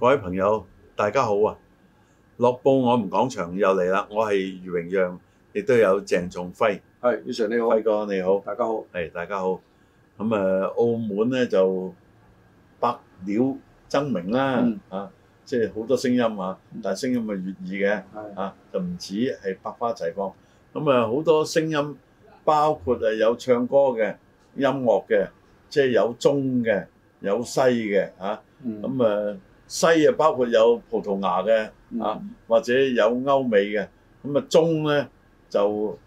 各位朋友，大家好啊！樂報我哋講場又嚟啦，我係余榮陽，亦都有鄭仲輝。係，以常你好，輝哥你好，大好，大家好。係，大家好。咁啊，澳門咧就百鳥爭鳴啦，啊，即係好多聲音的啊，但係聲音咪粵語嘅，啊，就唔止係百花齊放，咁啊好多聲音。包括誒有唱歌嘅音樂嘅，即係有中嘅有西嘅嚇，咁誒西啊包括有葡萄牙嘅嚇，或者有歐美嘅，咁啊中咧就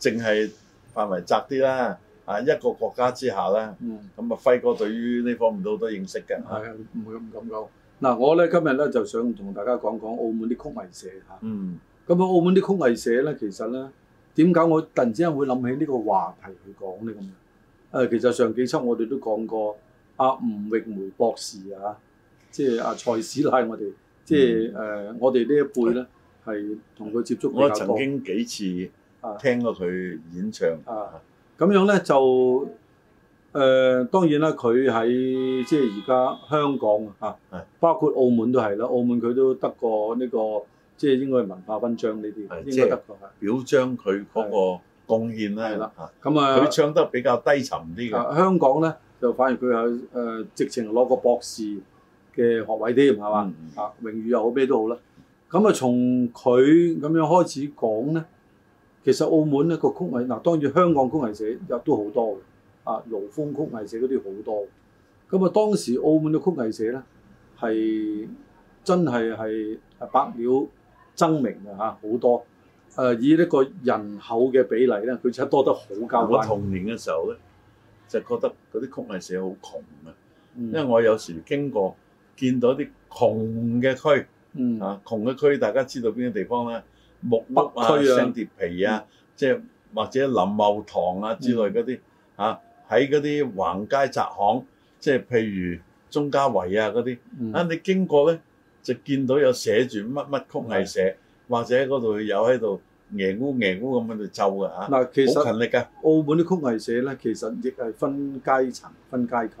淨係範圍窄啲啦，啊一個國家之下啦，咁啊輝哥對於呢方面都好多認識嘅，係啊唔會咁緊要。嗱我咧今日咧就想同大家講講澳門啲曲藝社嚇，咁啊澳門啲曲藝社咧其實咧。點解我突然之間會諗起呢個話題去講呢咁樣？誒，其實上幾輯我哋都講過阿吳詠梅博士啊，即係阿蔡屎拉我哋即係誒，我哋呢一輩咧係同佢接觸。我曾經幾次聽過佢演唱。啊，咁、啊、樣咧就誒、呃，當然啦，佢喺即係而家香港啊，是包括澳門都係啦，澳門佢都得過呢、這個。即係應該文化勳章呢啲，是應該得㗎，係表彰佢嗰個貢獻啦。係啦，咁啊，佢唱得比較低沉啲嘅、啊啊。香港咧就反而佢係誒直情攞個博士嘅學位添，係嘛、嗯？啊，榮譽又好咩都好啦。咁啊，從佢咁樣開始講咧，其實澳門咧、那個曲藝嗱、啊、當然香港曲藝社又都好多嘅，啊，盧峰曲藝社嗰啲好多。咁啊，當時澳門嘅曲藝社咧係真係係百鳥爭鳴啊！嚇好多，誒、呃、以呢個人口嘅比例咧，佢就多得好交關。我童年嘅時候咧，就覺得嗰啲曲藝社好窮嘅，嗯、因為我有時經過見到啲窮嘅區，嗯、啊窮嘅區大家知道邊個地方咧？木屋啊、雙疊皮啊，即係或者林茂堂啊之類嗰啲，嚇喺嗰啲橫街窄巷，即係譬如鐘家圍啊嗰啲，嗯、啊你經過咧，就見到有寫住乜乜曲藝社，或者嗰度有喺度鶩烏鶩烏咁喺度奏㗎吓，好勤力㗎。澳門啲曲藝社咧，其實亦係分階層、分階級。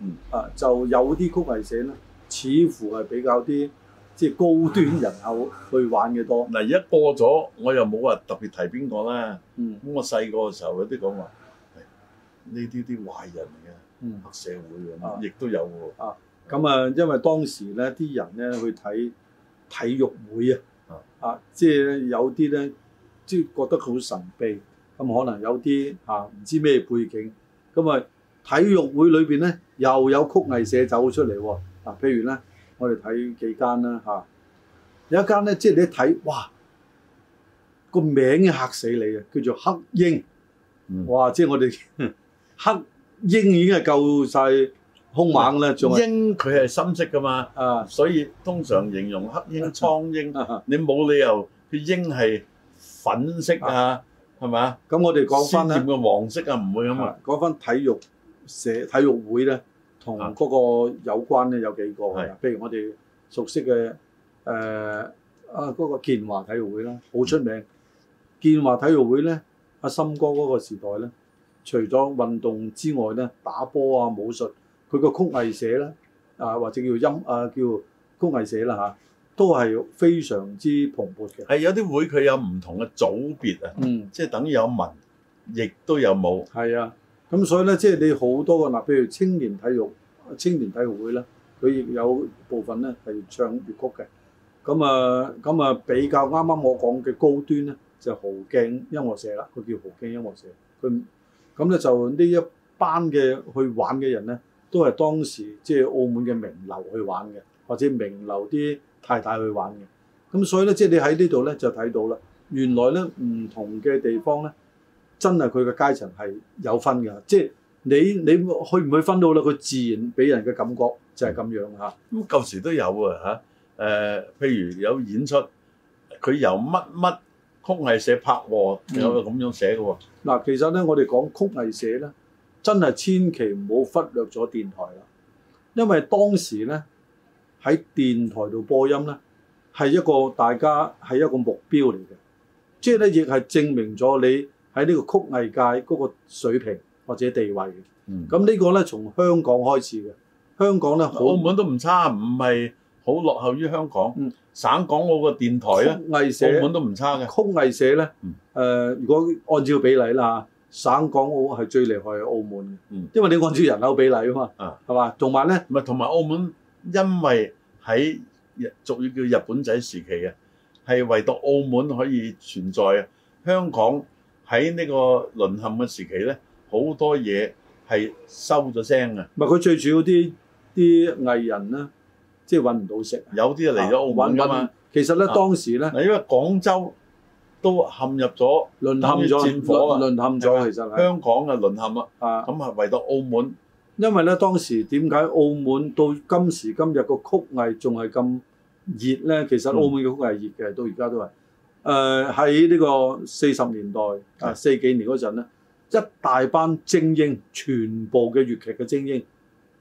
嗯啊，就有啲曲藝社咧，似乎係比較啲即係高端人口去玩嘅多。嗱，而家過咗，我又冇話特別提邊個啦。嗯，咁我細個嘅時候有啲講話，呢啲啲壞人嚟嘅，黑社會嘅，亦都有喎。啊。咁啊，因為當時咧，啲人咧去睇體育會啊，啊，即係有啲咧，即係覺得佢好神秘，咁可能有啲嚇唔知咩背景，咁啊，體育會裏邊咧又有曲藝社走出嚟喎，譬如咧，我哋睇幾間啦嚇，有一間咧，即係你一睇，哇，個名嚇死你啊，叫做黑鷹。哇，即係我哋黑鷹已經係夠晒。兇猛咧，仲鷹佢係深色噶嘛，所以通常形容黑鷹、蒼鷹，你冇理由佢鷹係粉色啊，係嘛？咁我哋講翻咧，黐線嘅黃色啊，唔會咁啊。講翻體育社、體育會咧，同嗰個有關咧有幾個，譬如我哋熟悉嘅誒啊嗰個建華體育會啦，好出名。建華體育會咧，阿森哥嗰個時代咧，除咗運動之外咧，打波啊、武術。佢個曲藝社咧，啊或者叫音啊叫曲藝社啦嚇，都係非常之蓬勃嘅。係有啲會佢有唔同嘅組別啊，嗯，即係等於有文，亦都有舞。係啊，咁所以咧，即係你好多個嗱，譬如青年體育青年體育會呢，佢亦有部分咧係唱粵曲嘅。咁啊咁啊，比較啱啱我講嘅高端咧，就豪鏡音樂社啦，佢叫豪鏡音樂社。佢咁咧就呢一班嘅去玩嘅人咧。都係當時即係、就是、澳門嘅名流去玩嘅，或者名流啲太太去玩嘅。咁所以咧，即係你喺呢度咧就睇到啦。原來咧唔同嘅地方咧，真係佢嘅階層係有分㗎。即係你你去唔去分到咧？佢自然俾人嘅感覺就係咁樣嚇。咁舊時都有啊嚇。誒、嗯，譬如有演出，佢由乜乜曲藝社拍喎，有咁樣寫嘅喎。嗱，其實咧，我哋講曲藝社咧。真係千祈唔好忽略咗電台啦，因為當時呢，喺電台度播音呢，係一個大家係一個目標嚟嘅，即係呢，亦係證明咗你喺呢個曲藝界嗰個水平或者地位嘅。咁呢、嗯、個呢，從香港開始嘅，香港呢，澳門都唔差，唔係好落後於香港。嗯、省港澳個電台呢，曲藝社澳門都唔差嘅，曲藝社呢，誒、嗯呃，如果按照比例啦，省港澳係最厲害嘅澳門嘅，嗯、因為你按照人口比例啊嘛，係嘛、啊？同埋咧，唔係同埋澳門，因為喺俗語叫日本仔時期啊，係唯獨澳門可以存在啊。香港喺呢個淪陷嘅時期咧，好多嘢係收咗聲嘅。唔係佢最主要啲啲藝人咧，即係揾唔到食，有啲就嚟咗澳門㗎嘛、啊。其實咧當時咧、啊，因為廣州。都陷入咗，淪陷戰火啊！淪陷咗，陷了的其實係香港嘅淪陷啦。啊的，咁係唯獨澳門。因為咧，當時點解澳門到今時今日個曲藝仲係咁熱咧？其實澳門嘅曲藝熱嘅，嗯、到而家都係。誒喺呢個四十年代啊，的四幾年嗰陣咧，一大班精英，全部嘅粵劇嘅精英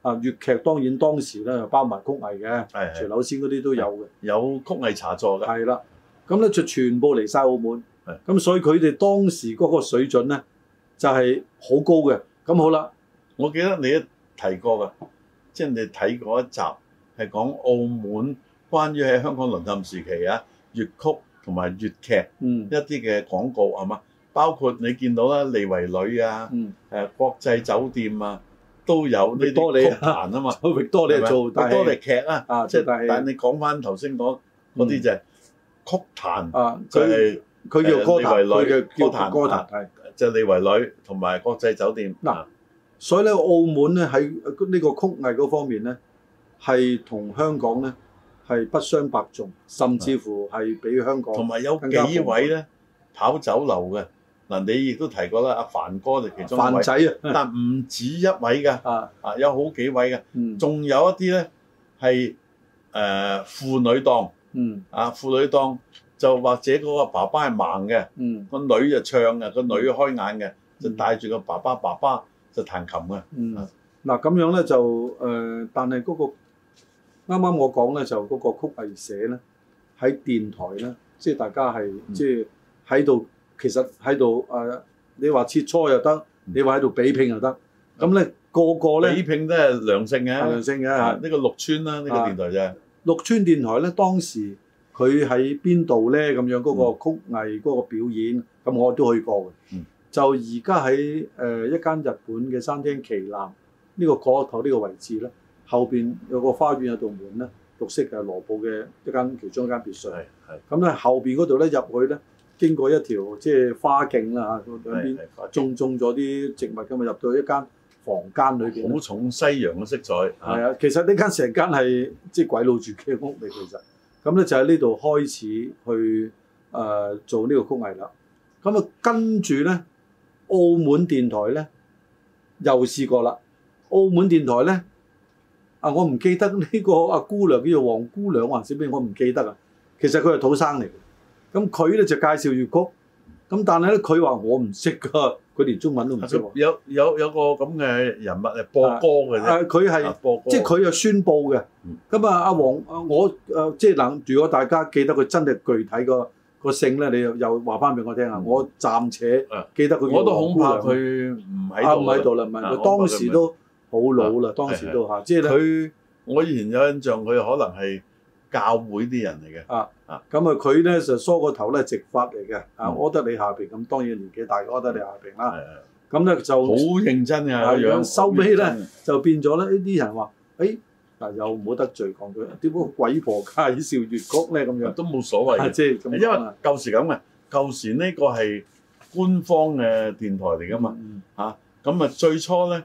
啊，粵劇當然當時咧又包埋曲藝嘅，的除柳仙嗰啲都有嘅，有曲藝茶座嘅。係啦。咁咧就全部嚟晒澳門，咁的所以佢哋當時嗰個水準咧就係、是、好高嘅。咁好啦，我記得你提過㗎，即、就、係、是、你睇嗰一集係講澳門關於喺香港淪陷時期啊，粵曲同埋粵劇一啲嘅廣告係嘛、嗯？包括你見到啦，利維女啊，誒、嗯啊、國際酒店啊，都有你多你行啊嘛，是是多你做，多你劇啊。即係但係你講返頭先講嗰啲就係、是。嗯曲壇啊，佢佢、係、叫歌壇，佢叫曲壇，啊、是就你為女同埋國際酒店嗱，啊、是所以咧澳門咧喺呢在這個曲藝嗰方面咧，係同香港咧係不相伯仲，甚至乎係比香港同埋、啊、有幾位咧跑酒樓嘅嗱、啊，你亦都提過啦，阿、啊、凡哥就其中一位，凡仔啊、但唔止一位㗎，啊，啊有好幾位㗎，仲、嗯、有一啲咧係誒婦女檔。嗯啊，父女檔就或者嗰個爸爸係盲嘅，嗯，個女就唱嘅，個女開眼嘅，就帶住個爸爸，爸爸就彈琴嘅。嗯，嗱咁樣咧就誒，但係嗰個啱啱我講咧就嗰個曲藝社咧喺電台咧，即係大家係即係喺度，其實喺度誒，你話切磋又得，你話喺度比拼又得，咁咧個個咧比拼都係良性嘅，良性嘅，呢個六村啦，呢個電台啫。六川電台咧，當時佢喺邊度咧？咁樣嗰個曲藝嗰個表演，咁、嗯、我都去過嘅。嗯、就而、呃、家喺一間日本嘅餐廳，旗艦呢個角落、那個、頭呢個位置呢，後面有個花園，有道門咧，綠色嘅羅布嘅一間其中一間別墅。係係。咁咧後面嗰度咧入去咧，經過一條即係花徑啦嚇，兩邊種種咗啲植物咁啊，入到一間。房間裏邊好重西洋嘅色彩，係啊，其這間間是是，其實呢間成間係即係鬼佬住嘅屋嚟，其實咁咧就喺呢度開始去誒、呃、做呢個曲藝啦。咁啊跟住咧，澳門電台咧又試過啦。澳門電台咧啊，我唔記得呢個阿姑娘叫做黃姑娘還是咩？我唔記得啊。其實佢係土生嚟嘅。咁佢咧就介紹粵曲，咁但係咧佢話我唔識㗎。佢連中文都唔識，有有有個咁嘅人物嚟播歌嘅啫。佢係，即係佢又宣佈嘅。咁啊，阿黃，我誒即係諗住，如果大家記得佢真係具體個個姓咧，你又又話翻俾我聽啊！我暫且記得佢。我都恐怕佢唔喺度喺度啦！唔係佢當時都好老啦，當時都嚇。即係佢，我以前有印象，佢可能係。教會啲人嚟嘅啊啊，咁啊佢咧就梳個頭咧直髮嚟嘅啊，柯德莉夏萍咁，當然年紀大，柯德莉夏萍啦。咁咧就好認真嘅樣，收尾咧就變咗咧呢啲人話：誒啊又唔好得罪講佢，點解鬼婆介紹粵曲咧？咁樣都冇所謂嘅，因為舊時咁嘅，舊時呢個係官方嘅電台嚟噶嘛嚇，咁啊最初咧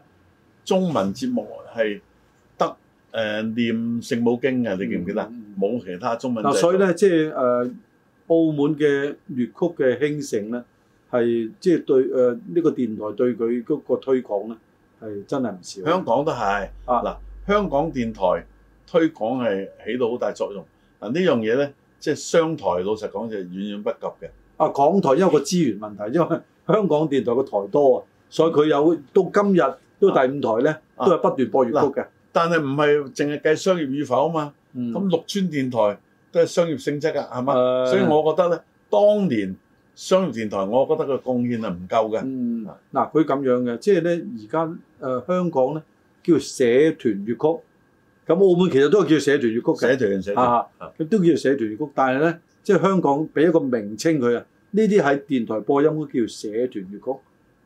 中文節目係。誒、呃、念《聖母經》嘅，你記唔記得？冇、嗯嗯、其他中文、就是。所以呢，即、就、係、是呃、澳門嘅粵曲嘅興盛呢，係即係對誒呢、呃這個電台對佢嗰個推廣呢，係真係唔少的。香港都係啊！嗱，香港電台推廣係起到好大作用。嗱、啊，呢樣嘢呢，即、就、係、是、商台，老實講就係遠遠不及嘅。啊，港台因為個資源問題，因為香港電台個台多啊，所以佢有到今日，都第五台呢，啊啊、都係不斷播粵曲嘅。但係唔係淨係計商業與否啊嘛？咁、嗯、綠村電台都係商業性質㗎，係嘛？嗯、所以我覺得咧，當年商業電台，我覺得個貢獻係唔夠㗎。嗱、嗯，佢咁樣嘅，即係咧，而家誒香港咧叫社團粵曲，咁澳門其實都係叫社團粵曲嘅。社團，社團，佢、啊、都叫社團粵曲，啊、但係咧，即、就、係、是、香港俾一個名稱佢啊。呢啲喺電台播音都叫社團粵曲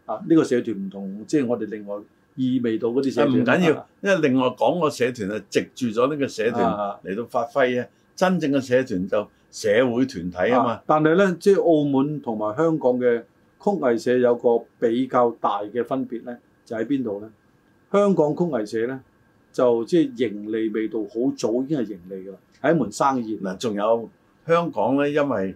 啊。呢、這個社團唔同，即、就、係、是、我哋另外。意味到嗰啲社唔緊要，因為另外講個社團啊，藉住咗呢個社團嚟到發揮啊。真正嘅社團就社會團體啊嘛。但係咧，即係澳門同埋香港嘅曲藝社有個比較大嘅分別咧，就喺邊度咧？香港曲藝社咧，就即係盈利味道好早已經係盈利㗎啦，係一門生意。嗱，仲有香港咧，因為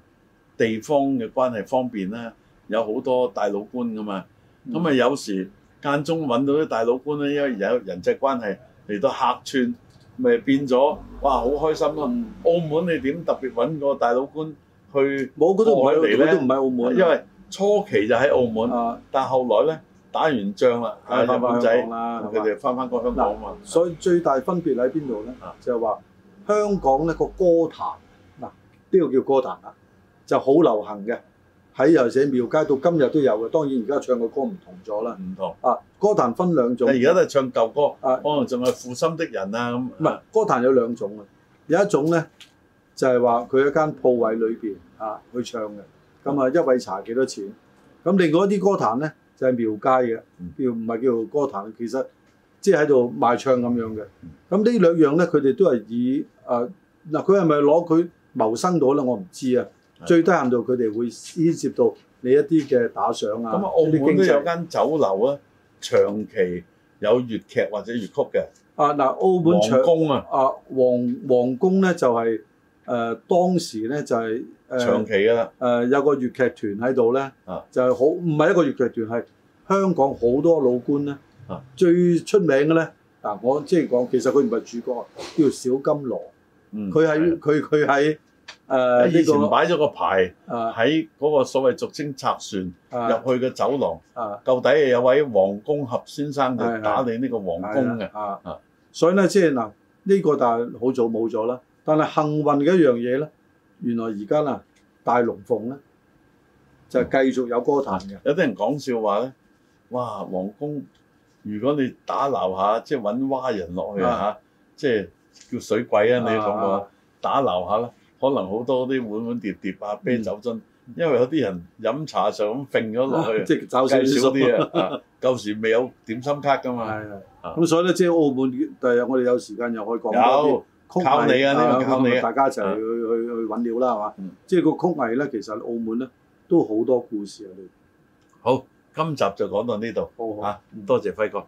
地方嘅關係方便啦，有好多大老倌㗎嘛，咁啊有時。間中揾到啲大佬官咧，因為有人際關係嚟到客串，咪變咗哇，好開心咯！澳門你點特別揾個大佬官去？有我覺得唔係嚟，佢都唔係開澳門，因為初期就喺澳門，嗯啊、但係後來咧打完仗啦，打完仗啦，佢哋翻返個香港，吧香港啊嘛。所以最大分別喺邊度咧？啊、就係話香港呢個歌壇，嗱呢、啊、個叫歌壇啦、啊，就好流行嘅。尤其係廟街到今日都有嘅，當然而家唱嘅歌唔同咗啦，唔同啊！歌壇分兩種，而家都係唱舊歌啊，可能仲係負心的人啊咁。唔係、啊，歌壇有兩種啊，有一種咧就係話佢一間鋪位裏邊啊去唱嘅，咁啊一位茶幾多錢？咁另外一啲歌壇咧就係廟街嘅，叫唔係叫做歌壇，其實即係喺度賣唱咁樣嘅。咁呢兩樣咧，佢哋都係以誒嗱，佢係咪攞佢謀生到咧？我唔知啊。最低限度佢哋會牽涉到你一啲嘅打賞啊，啲經濟。咁啊，澳門，澳門都有間酒樓啊，長期有粵劇或者粵曲嘅。啊，嗱，澳門長宮啊，啊，皇皇宮咧就係、是、誒、呃、當時咧就係、是呃、長期嘅啦、呃。有個粵劇團喺度咧，的就係好唔係一個粵劇團，係香港好多老倌咧的。啊，最出名嘅咧，嗱，我即係講，其實佢唔係主角，叫小金羅佢喺佢佢喺。誒以前擺咗個牌喺嗰、啊、個所謂俗稱賊船入去嘅走廊，舊、啊、底係有位王公俠先生去打理呢個皇宮嘅，所以咧即係嗱呢個但係好早冇咗啦。但係幸運嘅一樣嘢咧，原來而家嗱大龍鳳咧就繼續有歌壇嘅、嗯。有啲人講笑話咧，哇皇宮如果你打撈下，即係揾蛙人落去嚇，即係的、啊就是、叫水鬼啊！你咁、那、過、個啊、打撈下啦。可能好多啲碗碗碟碟啊、啤酒樽，嗯、因為有啲人飲茶上咁揈咗落去，即係走少少啲啊。舊時未有點心卡噶嘛。係咁所以咧，即係澳門，第日我哋有時間又可以講多啲曲藝啊。有靠你啊，呢靠你、啊。嗯、大家一齊去去去揾料啦，係嘛？嗯、即係個曲藝咧，其實澳門咧都好多故事啊。嗯、你好，今集就講到呢度。好好。啊，多謝輝哥。